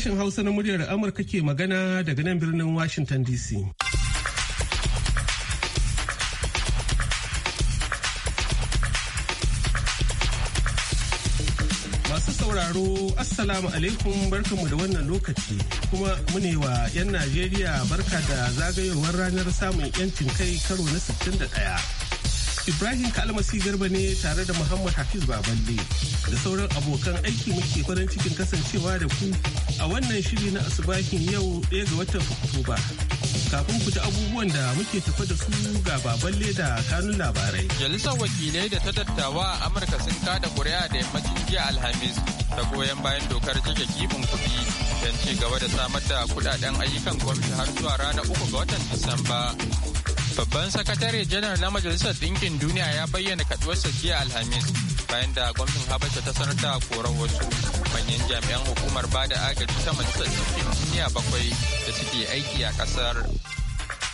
Sashen Hausa na muryar Amurka ke magana daga nan birnin Washington DC. Masu sauraro, Assalamu alaikum barkanmu da wannan lokaci kuma mune wa 'yan Najeriya barka da zagayowar ranar samun 'yancin kai karo na 61. Ibrahim Kalmasi Garba ne tare da Muhammad Hafiz Baballe da sauran abokan aiki muke farin cikin kasancewa da ku a wannan shiri na asubahin yau ɗaya ga watan Oktoba. Kafin ku ji abubuwan da muke tafa da su ga Baballe da kanun labarai. Jalisar wakilai da ta dattawa a Amurka sun kada kuri'a da yammacin jiya Alhamis ta goyon bayan dokar cike kifin kuɗi don ci gaba da samar da kuɗaɗen ayyukan gwamnati har zuwa ranar uku ga watan Disamba. Babban sakatare janar na Majalisar Ɗinkin Duniya ya bayyana kaduwarsa jiya Alhamis bayan da gwamnatin Habasha ta sanar da korar wasu manyan jami'an hukumar ba da agaji ta Majalisar Dinkin Duniya bakwai da suke aiki a kasar.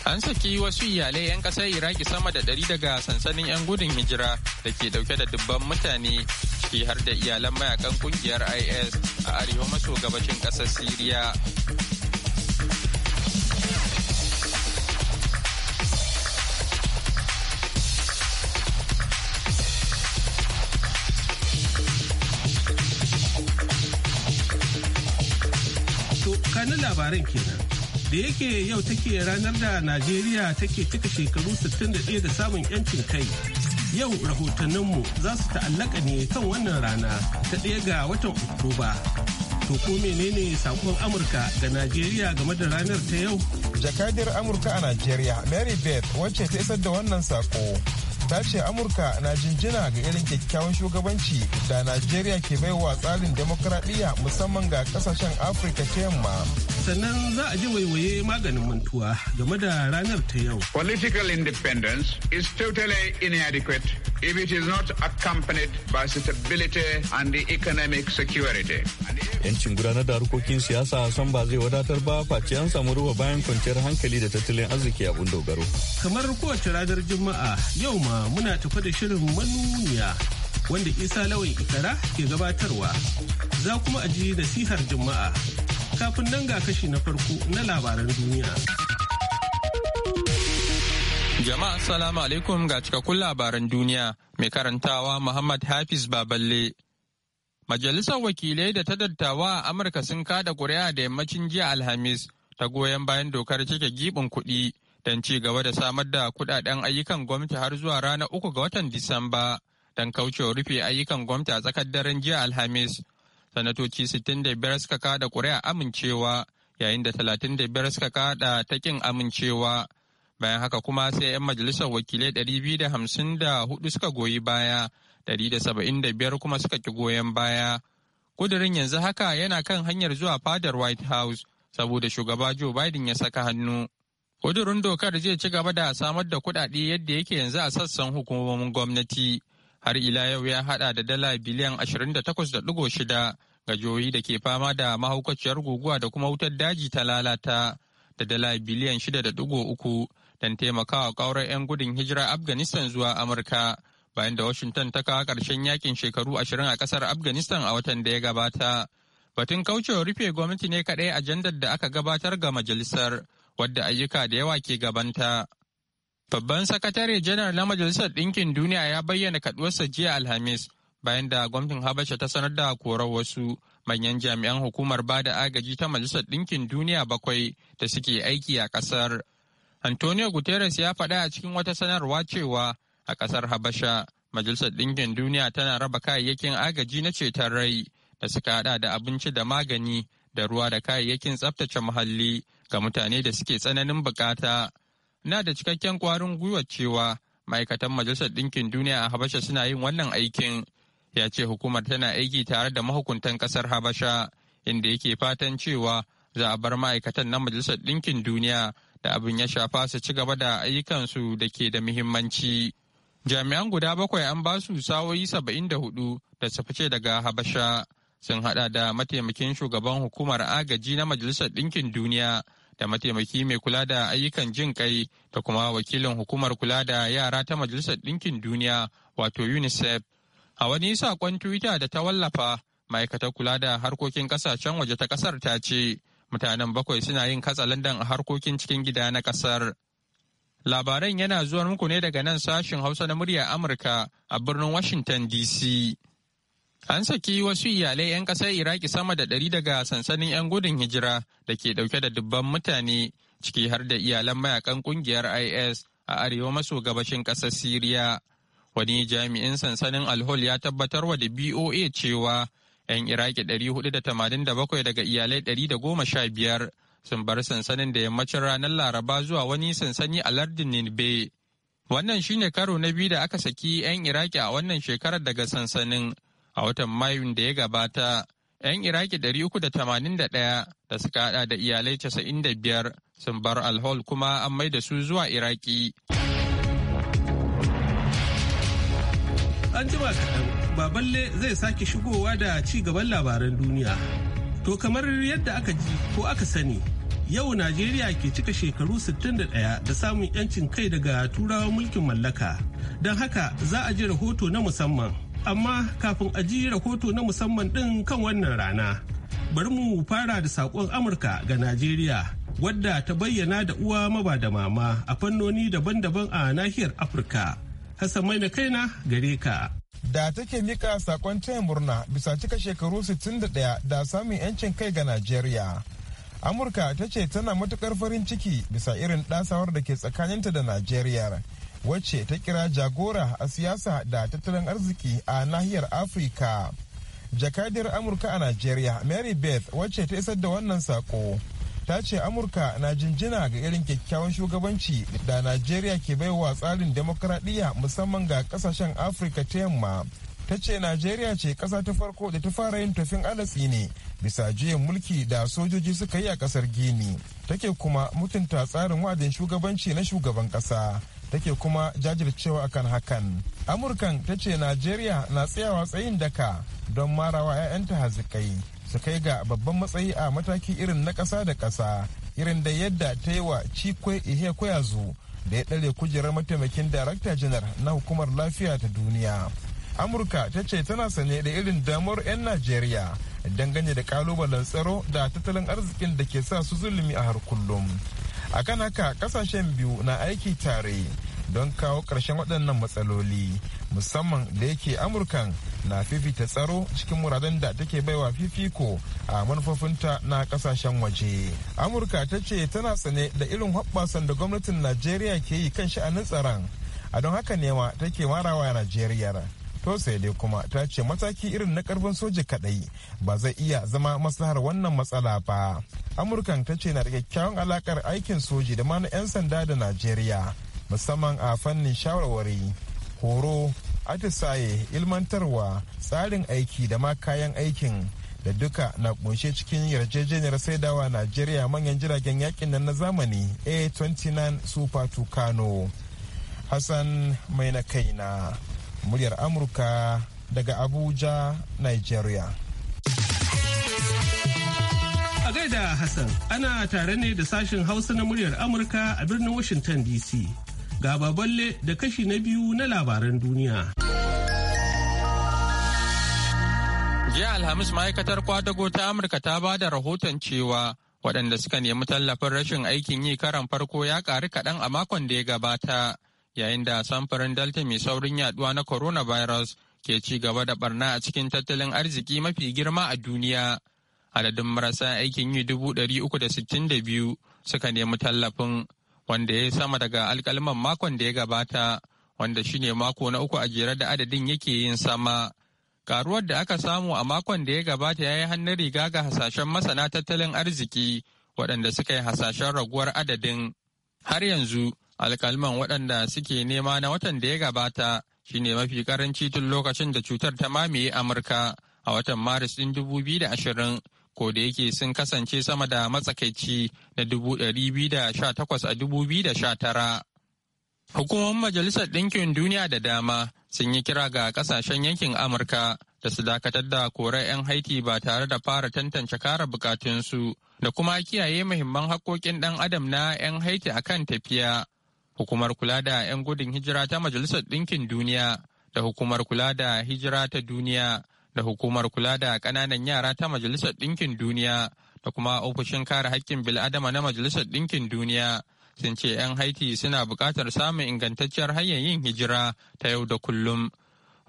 An saki wasu iyalai 'yan ƙasar Iraki sama da ɗari daga sansanin 'yan gudun hijira da ke ɗauke da dubban mutane ciki har da iyalan mayakan kungiyar IS a arewa maso gabashin ƙasar Siriya. labaran kenan. Da yake yau take ranar da Najeriya take cika shekaru 61 da samun 'yancin kai. Yau rahotanninmu za su ta'allaka ne kan wannan rana ta ɗaya ga watan Oktoba. To ko menene sakon Amurka ga Najeriya game da ranar ta yau? Jakadiyar Amurka a Najeriya, Mary Beth, wacce ta isar da wannan sako, ta ce Amurka na jinjina ga irin kyakkyawan shugabanci da Najeriya ke baiwa tsarin demokradiyya musamman ga kasashen Afirka ta yamma. sannan za a ji waiwaye maganin mantuwa game da ranar ta yau. Political independence is totally inadequate if it is not accompanied by stability and the economic security. Yancin gudanar da harkokin siyasa san ba zai wadatar ba face an samu ruwa bayan kwanciyar hankali da tattalin arziki abun dogaro. Kamar kowace ranar Juma'a yau ma muna tafa da shirin manuniya wanda Isa Lawan Ikara ke gabatarwa. Za kuma a ji nasihar Juma'a. Kafin nan ga kashi na farko na labaran duniya. Jama'a salamu alaikum ga cikakkun labaran duniya mai karantawa Muhammad Hafiz Baballe. Majalisar wakilai da ta dattawa a Amurka sun kada ƙuri'a da yammacin jiya Alhamis ta goyon bayan dokar cike giɓin kuɗi don ci gaba da samar da kuɗaɗen ayyukan gwamnati har zuwa ranar uku ga watan Disamba don kaucewa rufe ayyukan gwamnati a tsakar daren jiya Alhamis sanatoci 65 suka kada ƙuri'a amincewa yayin da 35 suka kada ta kin amincewa bayan haka kuma sai 'yan majalisar wakilai 254 suka goyi baya 175 kuma suka ki goyon baya Kudurin yanzu haka yana kan hanyar zuwa fadar white house saboda shugaba joe biden ya saka hannu Kudurin dokar zai ci gaba da samar da kudade yadda yake yanzu a sassan hukumomin gwamnati har ila yau ya hada da dala biliyan 28.6 ga joyi da ke fama da mahaukaciyar guguwa da kuma wutar daji ta lalata da dala biliyan 6.3 don taimakawa kaurar 'yan gudun hijira afghanistan zuwa amurka bayan da washington ta kawo karshen yakin shekaru 20 a kasar afghanistan a watan da ya gabata batun kaucewa rufe gwamnati ne kadai ajandar da aka gabatar ga majalisar wadda ayyuka da yawa ke gabanta Babban sakatare janar na Majalisar Ɗinkin Duniya ya bayyana kaduwarsa jiya Alhamis bayan da gwamnatin Habasha ta sanar da korar wasu manyan jami'an hukumar ba da agaji ta Majalisar Ɗinkin Duniya bakwai da suke aiki a ƙasar. Antonio Guterres ya faɗa a cikin wata sanarwa cewa a ƙasar Habasha Majalisar Ɗinkin Duniya tana raba kayayyakin agaji na ceton rai da suka haɗa da abinci da magani da ruwa da kayayyakin tsaftace muhalli ga mutane da suke tsananin bukata. ina da cikakken kwarin gwiwa cewa ma'aikatan majalisar ɗinkin duniya a habasha suna yin wannan aikin ya ce hukumar tana aiki tare da mahukuntan ƙasar habasha inda yake fatan cewa za a bar ma'aikatan na majalisar ɗinkin duniya da abin ya shafa su ci gaba da ayyukansu da ke da muhimmanci jami'an guda bakwai an ba su sawoyi saba'in da hudu da su fice daga habasha sun hada da mataimakin shugaban hukumar agaji na majalisar ɗinkin duniya da mataimaki mai kula da ayyukan jin kai da kuma wakilin hukumar kula da yara ta majalisar ɗinkin duniya wato unicef a wani saƙon twitter da ta wallafa ma'aikatar kula da harkokin ƙasashen waje ta ƙasar ta ce mutanen bakwai suna yin katsalandan a harkokin cikin gida na ƙasar labaran yana zuwa muku ne daga nan sashin hausa na murya amurka a birnin washington dc An saki wasu iyalai 'yan ƙasar Iraki sama da ɗari daga sansanin 'yan gudun hijira da ke ɗauke da dubban mutane ciki har da iyalan mayakan ƙungiyar IS a arewa maso gabashin ƙasar Siriya. Wani jami'in sansanin Alhol ya tabbatar wa da BOA cewa 'yan Iraki 487 daga iyalai 115 sun bar sansanin da yammacin ranar Laraba zuwa wani sansani a lardin Ninbe. Wannan shine karo na biyu da aka saki 'yan Iraki a wannan shekarar daga sansanin. a watan mayun da ya gabata 'yan iraki 381 da suka hada da iyalai 95 sun bar alhol kuma an mai da su zuwa iraki an jima kaɗan baballe zai sake shigowa da ci gaban labaran duniya to kamar yadda aka ji ko aka sani yau najeriya ke cika shekaru 61 da samun 'yancin kai daga turawan mulkin mallaka don haka za a ji rahoto na musamman amma kafin a ji rahoto na musamman ɗin kan wannan rana bari mu fara da saƙon amurka ga najeriya wadda ta bayyana da uwa maba da mama a fannoni daban-daban a nahiyar afirka hassan mai na kaina gare ka da take mika saƙon taya murna bisa cika shekaru 61 da samun yancin kai ga najeriya amurka ta ce tana matuƙar farin ciki bisa irin ɗasawar da ke tsakaninta da najeriya wacce ta kira jagora a siyasa da tattalin arziki a nahiyar afirka jakadiyar amurka a nigeria mary beth wacce ta isar da wannan sako ta ce amurka na jinjina ga irin kyakkyawan shugabanci da nigeria ke baiwa tsarin demokradiyya musamman ga kasashen afirka ta yamma ta ce najeriya ce kasa ta farko da ta fara yin tafin alatsi ne bisa juyin mulki da sojoji suka yi a kasar gini take kuma mutunta tsarin wa'adin shugabanci na shugaban kasa take kuma jajircewa akan hakan amurkan ta ce najeriya na tsayawa tsayin daka don marawa 'ya'yanta hazikai su kai ga babban matsayi a mataki irin na ƙasa da ƙasa irin da yadda ta yi wa cikwe ihe da ya ɗare kujerar mataimakin darakta janar na hukumar lafiya ta duniya amurka ta ce tana sane da irin damar 'yan najeriya dangane da kalubalen tsaro da tattalin arzikin da ke sa su zulumi a har kullum akan haka kasashen biyu na aiki tare don kawo ƙarshen waɗannan matsaloli musamman da yake amurkan na fifita tsaro cikin muradan da take baiwa fifiko a manufofinta na kasashen waje amurka ta ce tana tsane da irin hoɓɓasan da gwamnatin najeriya ke yi kan sha'anin tsaron a don haka nema take marawa najeriya to dai kuma ta ce mataki irin na karfin soja kadai ba zai iya zama maslahar wannan matsala ba amurkan ta ce na da kyakkyawan alakar aikin soji da ma na 'yan sanda da najeriya musamman a fannin shawarwari horo atisaye ilmantarwa tsarin aiki da ma kayan aikin da duka na kunshe cikin yarjejeniyar saidawa najeriya manyan jiragen yakin nan na zamani a29 super tucano hassan mai na kaina muryar amurka daga abuja nigeria a gaida hassan ana tare ne da sashen hausa na muryar amurka a birnin washington dc ga baballe da kashi na biyu na labaran duniya jiya alhamis ma'aikatar kwadago ta amurka ta ba da rahoton cewa waɗanda suka nemi tallafin rashin aikin yi karan farko ya ƙaru kaɗan a makon da ya gabata yayin da samfurin delta mai saurin yaduwa na coronavirus ke ci gaba da barna a cikin tattalin arziki mafi girma a duniya adadin marasa aikin yi dubu ɗari uku da sittin da biyu suka nemi tallafin wanda ya sama daga alkalman makon da ya gabata wanda shi ne mako na uku a jere da adadin yake yin sama karuwar da aka samu a makon da ya gabata ya yi hannun riga ga hasashen masana tattalin arziki waɗanda suka yi hasashen raguwar adadin har yanzu alkalman waɗanda suke nema na watan da ya gabata shine mafi karanci tun lokacin da cutar ta mamaye amurka a watan maris ɗin 2020 ko da yake sun kasance sama da matsakaici na 218 a 2019 hukumomin majalisar ɗinkin duniya da dama sun yi kira ga ƙasashen yankin amurka da su dakatar da korar 'yan haiti ba tare da fara tantance kara bukatunsu da kuma kiyaye muhimman haƙoƙin ɗan adam na 'yan haiti akan tafiya Hukumar kula da 'yan gudun hijira ta Majalisar Ɗinkin Duniya da Hukumar kula da hijira ta duniya da Hukumar kula da ƙananan yara ta Majalisar Ɗinkin Duniya da kuma ofishin kare haƙƙin bil'adama na Majalisar Ɗinkin Duniya sun ce 'yan Haiti suna buƙatar samun ingantacciyar hanyar yin hijira ta yau da kullum.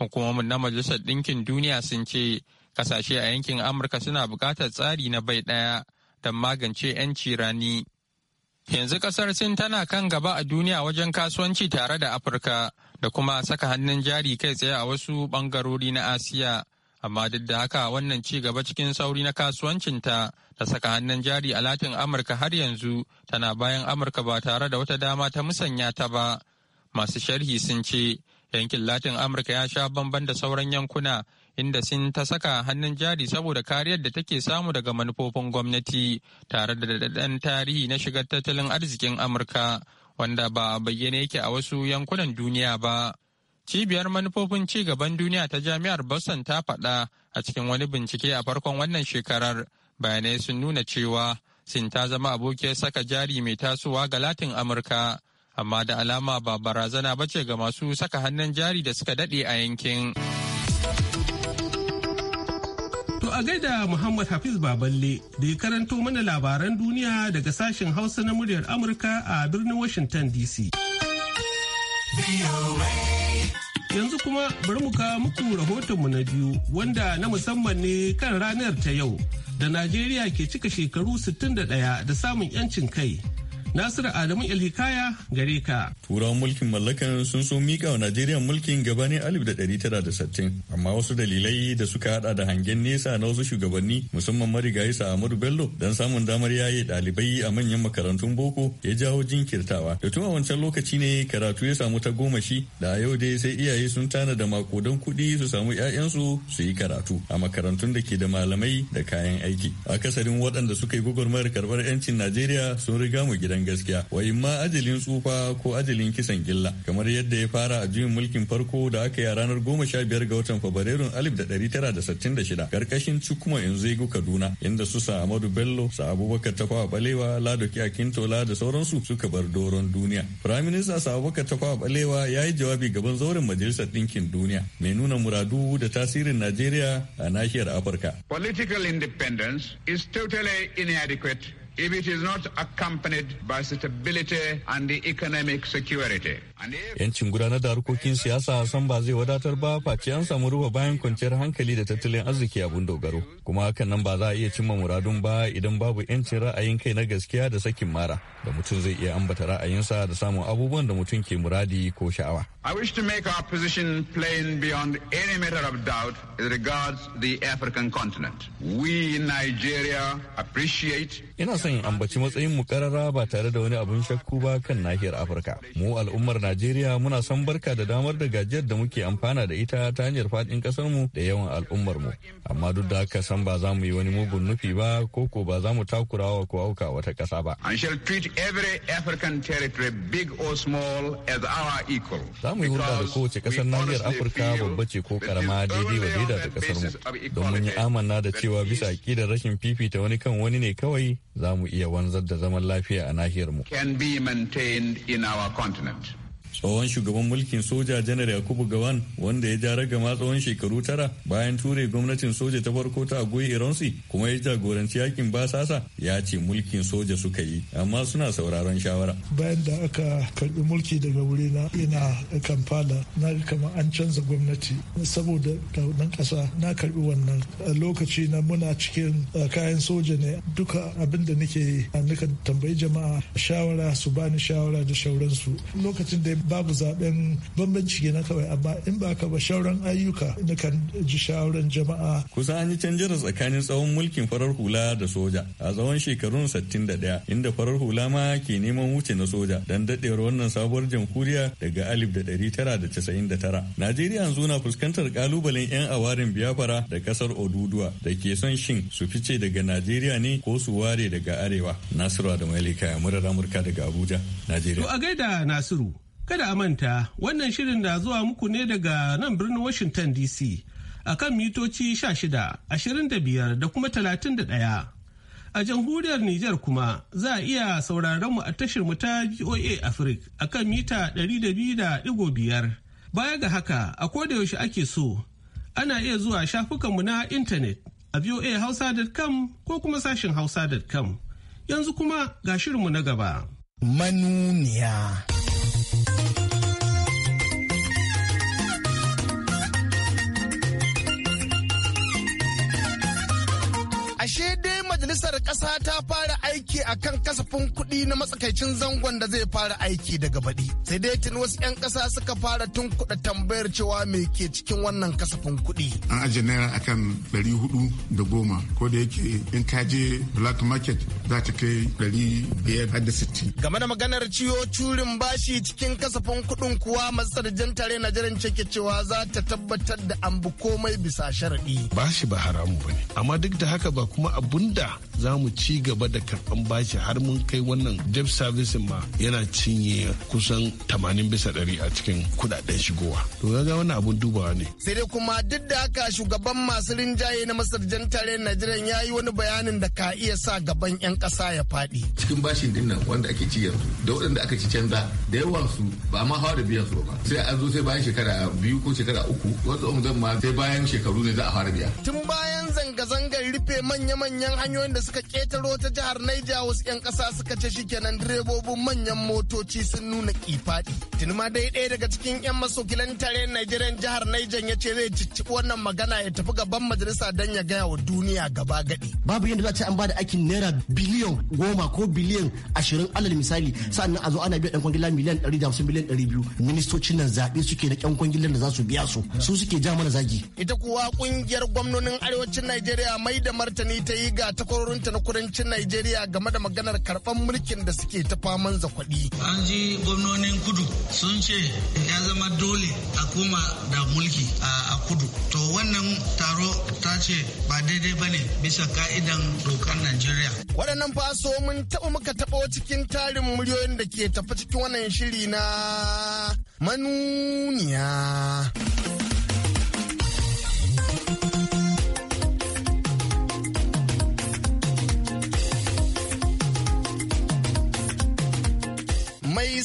Hukumomin na Majalisar Ɗinkin Duniya sun ce kasashe a yankin Amurka suna buƙatar tsari na bai ɗaya don magance 'yanci rani. Yanzu kasar Sin tana kan gaba a duniya wajen kasuwanci tare da Afirka da kuma saka hannun jari kai tsaye a wasu bangarori na Asiya. Amma duk da haka wannan ci gaba cikin sauri na kasuwancinta da saka hannun jari a Latin Amurka har yanzu tana bayan Amurka ba tare da wata dama ta musanya ta ba. Masu sharhi sun ce yankin Latin Amurka ya sha bamban da sauran yankuna inda sin ta saka hannun jari saboda kariyar da take samu daga manufofin gwamnati tare da daɗaɗɗen tarihi na shigar tattalin arzikin amurka wanda ba a bayyane yake a wasu yankunan duniya ba cibiyar manufofin ci gaban duniya ta jami'ar boston ta faɗa a cikin wani bincike a farkon wannan shekarar bayanai sun nuna cewa sin ta zama abokiyar saka jari mai tasowa ga latin amurka amma da alama ba barazana ba ce ga masu saka hannun jari da suka daɗe a yankin. To a gaida Muhammad Hafiz Baballe da ya karanto mana labaran duniya daga sashen Hausa na muryar Amurka a birnin Washington DC. Yanzu kuma bari mu kawo muku rahotonmu na biyu wanda na musamman ne kan ranar ta yau da Najeriya ke cika shekaru 61 da samun 'yancin kai. nasir Adamu Ilhikaya gare ka. Turawan mulkin mallakan sun so mika wa Najeriya mulkin gabani alif da tara ɗari da sittin amma wasu dalilai da suka hada da hangen nesa na wasu shugabanni musamman marigayi sa'amadu Bello don samun damar yaye ɗalibai a manyan makarantun boko ya jawo jinkirtawa. Da tun a wancan lokaci ne karatu ya samu ta goma shi da yau dai sai iyaye sun tana da makodan kuɗi su samu 'ya'yansu su yi karatu a makarantun da ke da malamai da kayan aiki. Akasarin waɗanda suka yi gwagwarmayar karɓar 'yancin Najeriya sun riga mu gidan zahirin gaskiya wa ma ajalin tsufa ko ajalin kisan gilla kamar yadda ya fara a juyin mulkin farko da aka yi a ranar goma sha biyar ga watan fabrairun alif da ɗari tara da sittin da shida karkashin cukuma yanzu kaduna inda su sa amadu bello sa abubakar tafawa balewa ladoki akintola da sauransu suka bar doron duniya firayim minista sa abubakar tafawa balewa ya yi jawabi gaban zauren majalisar ɗinkin duniya mai nuna muradu da tasirin najeriya a nahiyar afirka political independence is totally inadequate if it is not accompanied by stability and the economic security. Yancin gudanar da harkokin siyasa san ba zai wadatar ba face an samu ruwa bayan kwanciyar hankali da tattalin arziki abun dogaro. Kuma hakan nan ba za a iya cimma muradun ba idan babu yancin ra'ayin kai na gaskiya da sakin mara da mutum zai iya ambata ra'ayinsa da samun abubuwan da mutum ke muradi ko sha'awa. I wish to make our position plain beyond any matter of doubt as regards the African continent. We in Nigeria appreciate. son ambaci matsayin mu karara ba tare da wani abin shakku ba kan nahiyar Afirka. Mu al'ummar Najeriya muna son barka da damar da gajiyar da muke amfana da ita ta hanyar faɗin ƙasar mu da yawan al'ummar mu. Amma duk da haka san ba za mu yi wani mugun nufi ba ko ko ba za mu takurawa ko auka wata ƙasa ba. I shall treat every African territory big or small as our equal. Za mu yi hulɗa da kowace ƙasar nahiyar Afirka babba ce ko karama daidai wa daida da ƙasar mu. Don mun yi amana da cewa bisa da rashin fifita wani kan wani ne kawai za mu iya wanzar da zaman lafiya a nahiyar mu. Can be maintained in our continent. tsohon shugaban mulkin soja janar yakubu gawan wanda ya ja ragama tsohon shekaru tara bayan ture gwamnatin soja ta farko ta goyi iransi kuma ya jagoranci yakin basasa ya ce mulkin soja suka yi amma suna sauraron shawara bayan da aka karbi mulki daga wuri na ina kamfala na kama an canza gwamnati saboda daunan kasa na karbi wannan lokaci na muna cikin eh, kayan soja ne duka abin da nake nika tambayi jama'a shawara su bani shawara da shauransu lokacin da babu zaben bambanci na kawai amma in ba ka ba shauran ayyuka na kan ji shawaran jama'a kusa an yi canjira tsakanin tsawon mulkin farar hula da soja a tsawon shekarun 61 inda farar hula ma ke neman wuce na soja dan dadewar wannan sabuwar jamhuriya daga alif da da tara casa'in tara. najeriya yanzu na fuskantar kalubalen yan awarin biyafara da kasar oduduwa da ke son shin su fice daga najeriya ne ko su ware daga arewa nasiru da ya murar amurka daga abuja najeriya to a gaida nasiru Kada a manta wannan shirin da zuwa muku ne daga nan birnin Washington DC a kan mitoci 16, 25 da kuma 31. A jamhuriyar Nijar kuma za a iya sauraron mu a tashar mu ta VOA Africa a kan mita 200.5. Baya ga haka a yaushe ake so ana iya zuwa shafukanmu na intanet a voahausa.com ko kuma sashin hausa.com. Yanzu kuma ga shirinmu na gaba. Manuniya. shit, dude. majalisar ƙasa ta fara aiki a kan kasafin kuɗi na matsakaicin zangon da zai fara aiki daga baɗi. Sai dai tun wasu 'yan ƙasa suka fara tun kuɗa tambayar cewa me ke cikin wannan kasafin kuɗi. An ajiye naira akan ɗari hudu da goma ko da yake in ka je black market za ta kai ɗari biyar da sittin. Game da maganar ciwo curin bashi cikin kasafin kuɗin kuwa matsar jantare Najeriya jiran cike cewa za ta tabbatar da an bi komai bisa sharaɗi. Bashi ba haramu ba ne amma duk da haka ba kuma abun da za mu ci gaba da karɓan bashi har mun kai wannan debt servicing ma yana cinye kusan 80 bisa ɗari a cikin kudaden shigowa to ga wannan abun dubawa ne sai dai kuma duk da haka shugaban masu rinjaye na masar jan tare najeriya ya yi wani bayanin da ka iya sa gaban 'yan ƙasa ya faɗi cikin bashin din nan wanda ake ci yanzu da waɗanda aka ci canza da yawan su ba ma hawa da biyan su ba sai an zo sai bayan shekara biyu ko shekara uku wasu ma sai bayan shekaru ne za a fara biya tun bayan zanga-zangar rufe manya-manyan hanyoyi hanyoyin da suka ketaro ta jihar Naija wasu 'yan ƙasa suka ce shikenan direbobin manyan motoci sun nuna kifaɗi. Tuni ma dai ɗaya daga cikin 'yan masokilan na nigerian jihar Naija ya ce zai cicciɓi wannan magana ya tafi gaban majalisa don ya gaya wa duniya gaba gadi. Babu yadda za a ce an bada aikin naira biliyan goma ko biliyan ashirin alal misali sa'annan a zo ana biya ɗan kwangila miliyan ɗari da hamsin miliyan ɗari biyu ministocin nan zaɓe suke na ƙyan kwangilan da za su biya su su suke ja mana zagi. Ita kuwa ƙungiyar gwamnonin arewacin Najeriya mai da martani ta yi ga ta ta na kudancin Najeriya game da maganar karɓar mulkin da suke ta faman kwaɗi. An ji gwamnonin kudu sun ce ya zama dole a koma da mulki a kudu. To wannan taro ta ce ba daidai ba ne bisa ka'idan dokar Najeriya. Waɗannan faso mun taɓa muka taɓo cikin tarin muryoyin da ke tafi cikin wannan shiri na manuniya.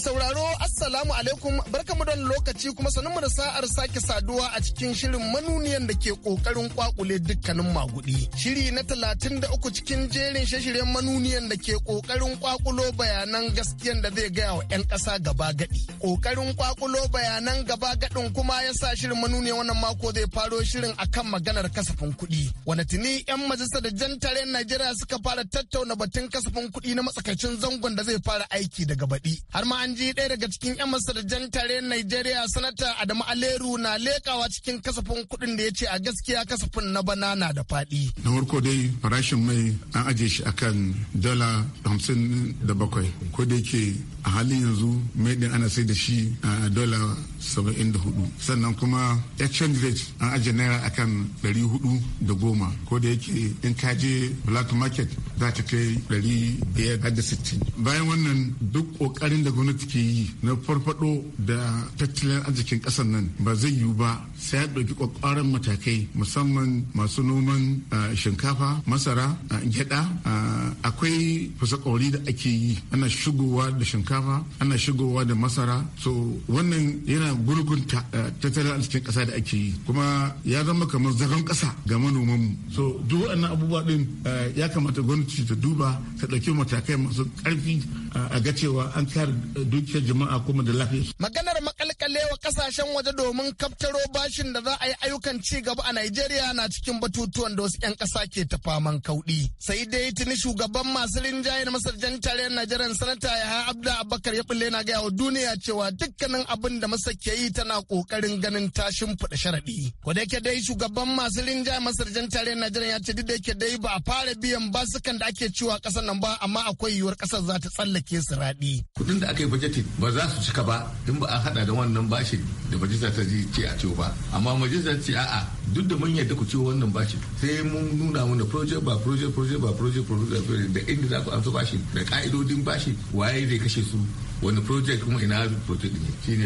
sauraro Assalamu alaikum barkamu don lokaci kuma sanin da sa'ar sake saduwa a cikin shirin manuniyan da ke kokarin kwakule dukkanin magudi. Shiri na talatin da uku cikin jerin shashiren manuniyan da ke kokarin kwakulo bayanan gaskiyan da zai gaya wa 'yan kasa gaba gadi. Kokarin kwakulo bayanan gaba gadin kuma ya sa shirin manuniyan wannan mako zai faro shirin akan maganar kasafin kuɗi. Wani tuni 'yan majalisar da jan tarayyar Najeriya suka fara tattauna batun kasafin kuɗi na matsakaicin zangon da zai fara aiki daga baɗi. Har ma an ji ɗaya daga cikin shugaban 'yan jan tare Najeriya sanata Adamu Aleru na lekawa cikin kasafin kuɗin da ya ce a gaskiya kasafin na banana da faɗi. Na farko dai farashin mai an ajiye shi akan dala hamsin da bakwai ko da a halin yanzu mai din ana sai da shi a dala saba'in da hudu sannan kuma exchange rate an ajiye naira akan ɗari hudu da goma ko yake in ka je black market za ta kai ɗari biyar da sittin. Bayan wannan duk ƙoƙarin da gwamnati ke yi na farfado da tattalin arzikin kasar nan ba zai yiwu ba sai ya ɗauki ƙwaƙwaran matakai musamman masu noman shinkafa masara gyaɗa akwai fasakori da ake yi ana shigowa da shinkafa ana shigowa da masara so wannan yana gurgunta tattalin arzikin ƙasa da ake yi kuma ya zama kamar zagon ƙasa ga manomanmu so duk waɗannan abubuwa ɗin ya kamata gwamnati ta duba ta ɗauki matakai masu ƙarfi a ga cewa an kare dukiyar jama'a kuma da lafiya. Maganar makalkalewa kasashen waje domin kaftaro bashin da za a yi ayyukan ci gaba a Najeriya na cikin batutuwan da wasu 'yan ƙasa ke tafaman faman kauɗi. Sai dai tuni shugaban masu rinjaye na masar jan tarayyar Najeriya sanata Yahaya Abda Abubakar ya bulle na gaya wa duniya cewa dukkanin abin da Masar ke yi tana ƙoƙarin ganin tashin fuɗa sharaɗi. Ko da yake dai shugaban masu rinjaye jan tarayyar Najeriya ya ce duk da yake dai ba a fara biyan basukan da ake ciwa ƙasar nan ba amma akwai yiwuwar ƙasar za ta tsallake. take su Kudin da aka yi bajeti ba za su cika ba in ba a haɗa da wannan bashi da majalisa ta ji ce a ciwo ba. Amma majalisa ce a'a duk da mun yadda ku ciwo wannan bashi sai mun nuna mana project ba project project ba project project da inda za ku amsa bashi da ka'idodin bashi waye zai kashe su wani project kuma ina project ne shi ne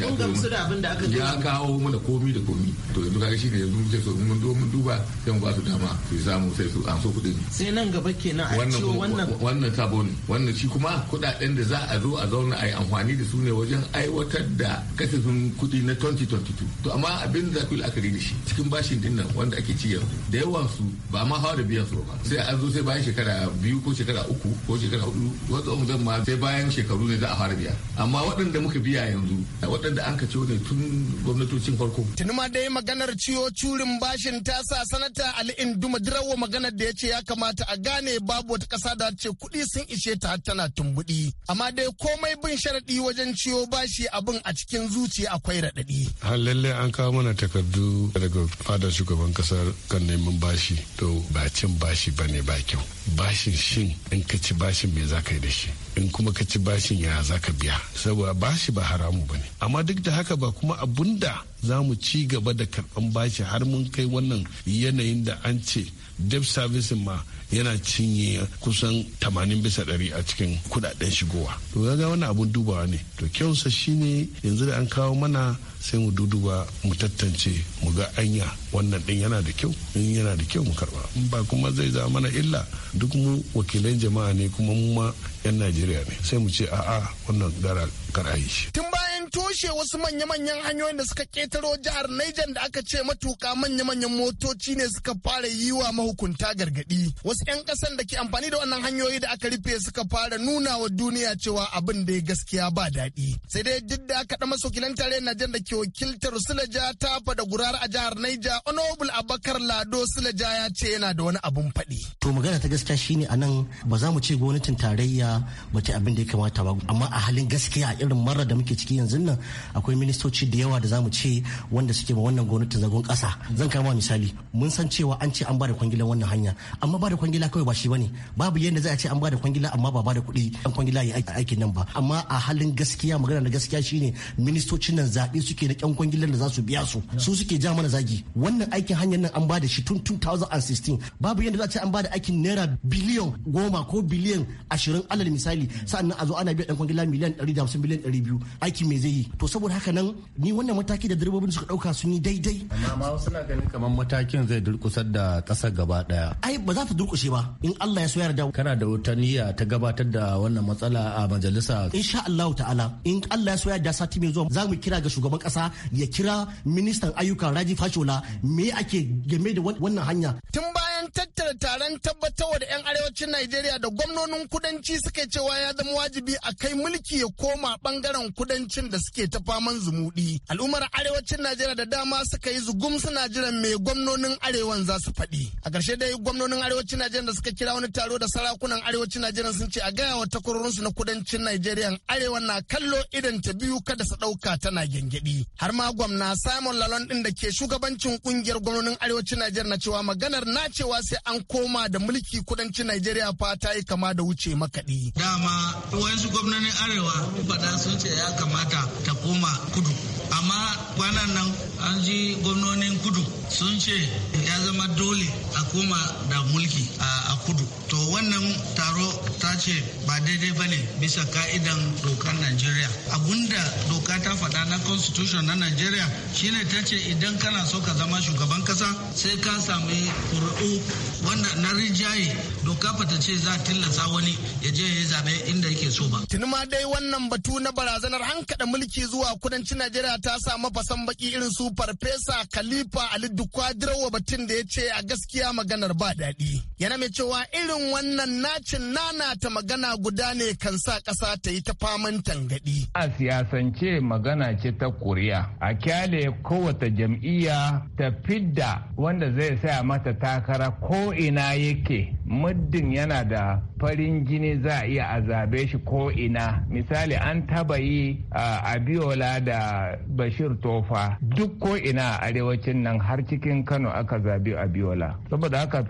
da abin da aka ya kawo mana komi da komi to yanzu kaga ne yanzu muke so mun zo mun duba sai mu ba su dama su samu sai su an so kuɗin sai nan gaba kenan a ciwo wannan wannan sabo ne wannan shi kuma kuɗaɗen da za a zo a zauna a yi amfani da su ne wajen aiwatar da kasafin kuɗi na 2022 to amma abin da kuli ku yi la'akari da shi cikin bashin din nan wanda ake ci yanzu da yawan su ba ma hawa da biyan su ba sai an zo sai bayan shekara biyu ko shekara uku ko shekara hudu wata zan ma sai bayan shekaru ne za a fara biya amma waɗanda muka biya yanzu waɗanda an kace ne tun gwamnatocin farko. tuni dai maganar ciwo curin bashin ta sa sanata ali induma dirawa maganar da ya ce ya kamata a gane babu wata ƙasa da ce kuɗi sun ishe ta tana tumbuɗi amma dai komai bin sharaɗi wajen ciwo bashi abin a cikin zuciya akwai raɗaɗi. har lallai an kawo mana takardu daga fadar shugaban kasar kan neman bashi to ba cin bashi ba ne ba kyau bashin shin in ka ci bashin me za ka yi da shi in kuma ka ci bashin ya za ka biya saboda bashi ba haramu ba ne amma duk da haka ba kuma abun da za mu ci gaba da karɓan bashi har mun kai wannan yanayin da an ce debt service ma yana cinye kusan 80 bisa ɗari a cikin kudaden shigowa to ga wani abun dubawa ne to kyausa shine yanzu da an kawo mana sai mu duduba mu tattance mu ga anya wannan din yana da kyau in yana da kyau mu karba in ba kuma zai zama mana illa duk mu wakilan jama'a ne kuma mu ma yan najeriya ne sai mu ce a'a wannan gara karayi shi tun bayan toshe wasu manya-manyan hanyoyin da suka ketaro jihar Niger da aka ce matuka manya-manyan motoci ne suka fara yiwa mahukunta gargadi wasu 'yan kasan da ke amfani da wannan hanyoyi da aka rufe suka fara nuna wa duniya cewa abin da ya gaskiya ba daɗi. Sai dai duk da aka ɗama wakilan tare da ke wakiltar Sulaja ta da gurar a jihar Naija Onobul Abakar Lado Sulaja ya ce yana da wani abun faɗi. To magana ta gaskiya shine a nan ba za mu ce gwamnatin tarayya ba ta abin da ya kamata ba amma a halin gaskiya irin mara da muke ciki yanzu nan akwai ministoci da yawa da za mu ce wanda suke ma wannan gwamnatin zagon kasa. Zan kama misali mun san cewa an ce an ba da kwangilan wannan hanya amma ba da kwangila kawai ba shi bane babu yadda za a ce an bada kwangila amma ba bada kuɗi an kwangila ya aikin nan ba amma a halin gaskiya magana da gaskiya shine ministocin nan zaɓe suke na kyan kwangilar da za su biya su su suke ja mana zagi wannan aikin hanyar nan an bada shi tun 2016 babu yadda za a ce an bada aikin naira biliyan goma ko biliyan ashirin alal misali sa'annan a zo ana biya dan kwangila miliyan 150 miliyan 200 aiki me zai yi to saboda haka nan ni wannan mataki da direbobin suka dauka su ni daidai amma wasu na ganin kamar matakin zai durkusar da kasar gaba daya ai ba za ta durkusa murkushe ba in Allah ya so yarda kana da wata niyya ta gabatar da wannan matsala a majalisa insha Allah ta'ala in Allah ya so yarda sati mai zuwa za mu kira ga shugaban kasa ya kira ministan ayyukan Raji Fashola me ake game da wannan hanya tun bayan tattara taron tabbatarwa da 'yan arewacin Najeriya da gwamnonin kudanci suke cewa ya zama wajibi a kai mulki ya koma bangaren kudancin da suke ta faman zumuɗi. Al'ummar arewacin Najeriya da dama suka yi zugum suna jiran me gwamnonin arewan za su faɗi. A ƙarshe dai gwamnonin arewacin Gidajen da suka kira wani taro da sarakunan arewacin Najeriya sun ce a gaya wa takwarorinsu na kudancin Najeriya arewa na kallo idan ta biyu kada su dauka tana gyangyaɗi. Har ma gwamna Simon Lalon ɗin da ke shugabancin ƙungiyar gwamnonin arewacin Najeriya na cewa maganar na cewa sai an koma da mulki kudancin Najeriya fa ta yi kama da wuce makaɗi. Dama wasu gwamnonin arewa faɗa sun ce ya kamata ta koma kudu. Amma kwanan nan an ji gwamnonin kudu sun ce ya zama dole a koma da mulki a kudu to wannan taro ta ce ba daidai ba ne bisa ka'idan dokar najeriya abunda doka ta faɗa na constitution na najeriya shine ta ce idan kana so ka zama shugaban kasa sai ka sami kuri'u wanda na rijaye doka fata ce za a tilasta wani ya je ya zaɓe inda yake so ba tuni ma dai wannan batu na barazanar hankali mulki zuwa kudancin najeriya ta sa mafasan baki irin su farfesa khalifa ali dukwa batun da ya ce a gaskiya maganar ba daɗi yana mai cewa irin wannan nacin nana ta magana guda ne kan sa ƙasa ta yi ta faman tangaɗi. A siyasance magana ce ta Koriya, a kyale kowace jam'iyya ta fidda wanda zai saya mata takara ko ina yake muddin yana da farin jini za a iya a zaɓe shi ko'ina Misali an taba yi a Abiola da Bashir Tofa duk ko'ina a arewacin nan har cikin Kano aka zabi Abiola. Saboda haka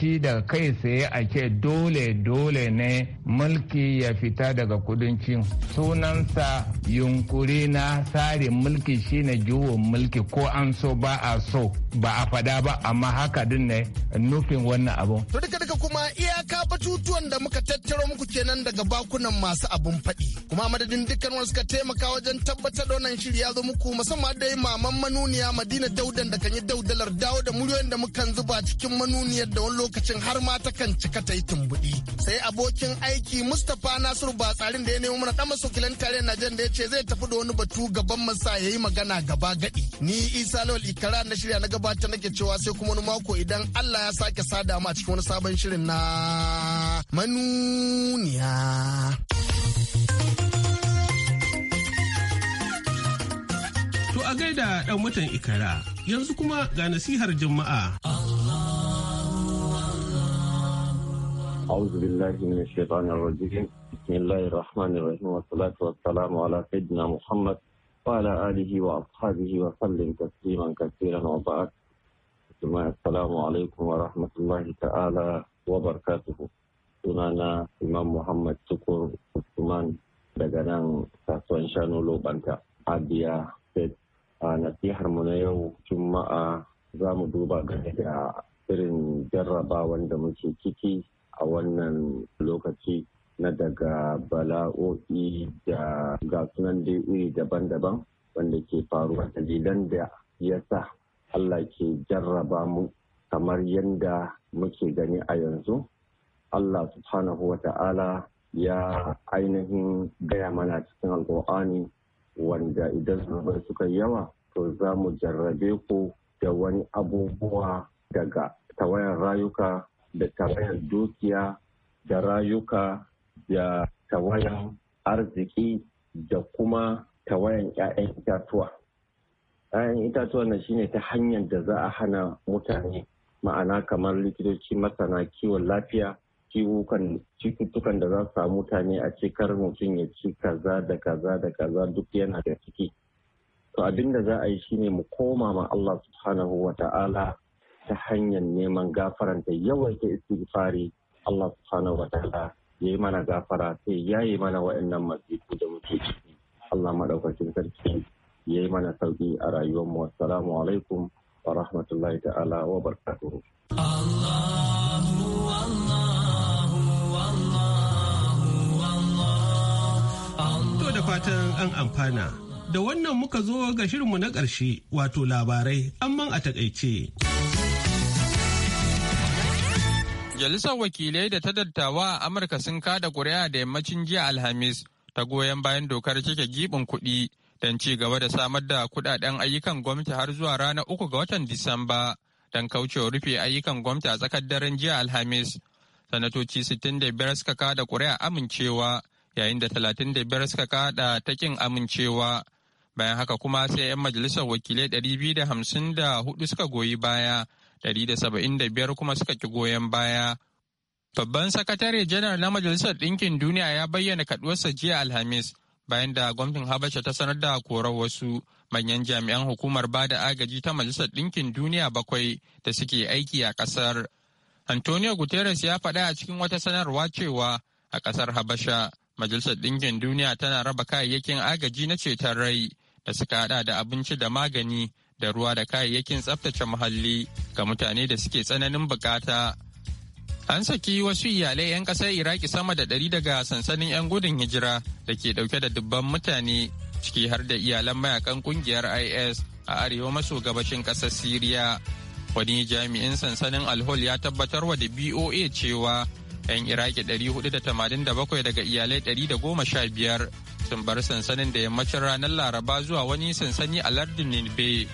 shi da kai tsaye a ce dole dole ne mulki ya fita daga kudancin sunansa yunkuri na tsari mulki shine juwon mulki ko an so ba a so ba a fada ba amma haka din ne nufin wannan abun. To duka duka kuma iyaka batutuwan da muka tattaro muku kenan daga bakunan masu abun faɗi. Kuma madadin dukkan wasu suka taimaka wajen tabbatar da wannan shirya ya zo muku musamman dai maman manuniya Madina Daudan da kan yi daudalar dawo da muryoyin da mukan zuba cikin manuniyar da wani lokaci. lokacin har ma ta kan cika ta yi tumbuɗi. Sai abokin aiki Mustapha Nasiru Batsarin da ya nemo mana ɗama sokilan tare na jan da ya ce zai tafi da wani batu gaban masa ya yi magana gaba gaɗi. Ni Isa Lawal Ikara na shirya na gabata nake cewa sai kuma wani mako idan Allah ya sake sada ma a cikin wani sabon shirin na manuniya. To a gaida ɗan watan Ikara yanzu kuma ga nasihar Juma'a. أعوذ بالله من الشيطان الرجيم بسم الله الرحمن الرحيم والصلاة والسلام على سيدنا محمد وعلى آله وأصحابه وسلم تسليما كثيرا وبعد ثم السلام عليكم ورحمة الله تعالى وبركاته sunana Imam Muhammad Tukur Usman daga nan kasuwan shanu lobanta Abia State a nasihar mu na yau Juma'a za mu duba game da irin jarrabawan da muke ciki a wannan lokaci na daga bala'o'i da gasunan dai iri daban-daban wanda ke faruwa dalilan da ya sa Allah ke jarraba mu kamar yadda muke gani a yanzu Allah subhanahu wa ta'ala ya ainihin gaya mana cikin alkur'ani wanda idan zunubai suka yawa to za mu jarrabe ku da wani abubuwa daga tawayan rayuka da tarayyar dukiya da rayuka da tawayan arziki da kuma tawayan 'ya'yan itatuwa. 'ya'yan itatuwa na shine ta hanyar da za a hana mutane ma'ana kamar likitoci masana kiwon lafiya cututtukan da za su samu mutane a cikar mutum ya ci kaza da kaza da kaza duk yana da ciki to abin da za a yi shine mu koma ma Allah subhanahu wa ta'ala ta hanyar neman gafaranta yawaita istighfari Allah subhanahu wa ta'ala ya yi mana gafara sai ya yi mana waɗannan masifu da muke ciki Allah maɗaukacin sarki ya yi mana sauƙi a rayuwarmu assalamu alaikum wa rahmatullahi ta'ala wa barakatuhu To da fatan an amfana da wannan muka zo ga shirinmu na ƙarshe wato labarai amman a takaice. Jalisar wakilai da ta dattawa a Amurka sun kada ƙuri'a da yammacin jiya Alhamis ta goyon bayan dokar cike gibin kuɗi don ci gaba da samar da kuɗaɗen ayyukan gwamnati har zuwa ranar uku ga watan Disamba don kaucewa rufe ayyukan gwamnati a tsakar daren jiya Alhamis. Sanatoci 65 suka kada ƙuri'a amincewa yayin da 35 suka kada ta takin amincewa. Bayan haka kuma sai 'yan majalisar wakilai 254 suka goyi baya 175 kuma suka ki goyon baya. Babban sakatare janar na Majalisar Ɗinkin Duniya ya bayyana kaduwarsa jiya Alhamis bayan da gwamnatin Habasha ta sanar da korar wasu manyan jami'an hukumar ba da agaji ta Majalisar Ɗinkin Duniya bakwai da suke aiki a ƙasar. Antonio Guterres ya faɗa a cikin wata sanarwa cewa a ƙasar Habasha Majalisar Ɗinkin Duniya tana raba kayayyakin agaji na ceton rai da suka haɗa da abinci da magani da ruwa da kayayyakin tsaftace muhalli ga mutane da suke tsananin bukata. An saki wasu iyalai 'yan ƙasar Iraki sama da ɗari daga sansanin 'yan gudun hijira da ke ɗauke da dubban mutane ciki har da iyalan mayakan ƙungiyar IS a arewa maso gabashin ƙasar Siriya. Wani jami'in sansanin Alhol ya tabbatar wa da BOA cewa 'yan Iraki 487 daga iyalai 115 sun bar sansanin da yammacin ranar Laraba zuwa wani sansani a lardin Ninbe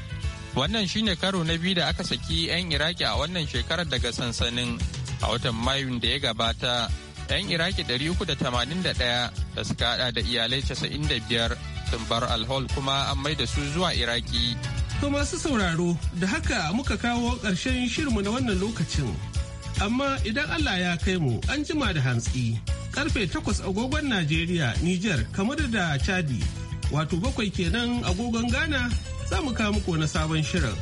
wannan shine karo na biyu da aka saki 'yan iraki a wannan shekarar daga sansanin a watan mayun da ya gabata 'yan iraki 381 da suka hada da iyalai 95 sun bar alhol kuma an maida su zuwa iraki To masu sauraro da haka muka kawo ƙarshen shirmu na wannan lokacin. Amma idan Allah ya kai mu an jima da hantsi. Karfe takwas agogon Najeriya, Niger, kamar da Chadi, wato bakwai kenan agogon Ghana za mu kawo muku wani sabon shirin.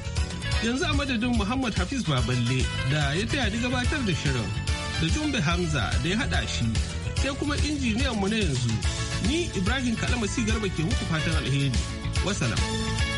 Yanzu a madadin Muhammad Hafiz Baballe da ya taya ni gabatar da shirin da Jumbe Hamza da ya haɗa shi sai kuma injiniyan mu na yanzu ni Ibrahim Kalamasi Garba ke muku fatan alheri. Wasalam.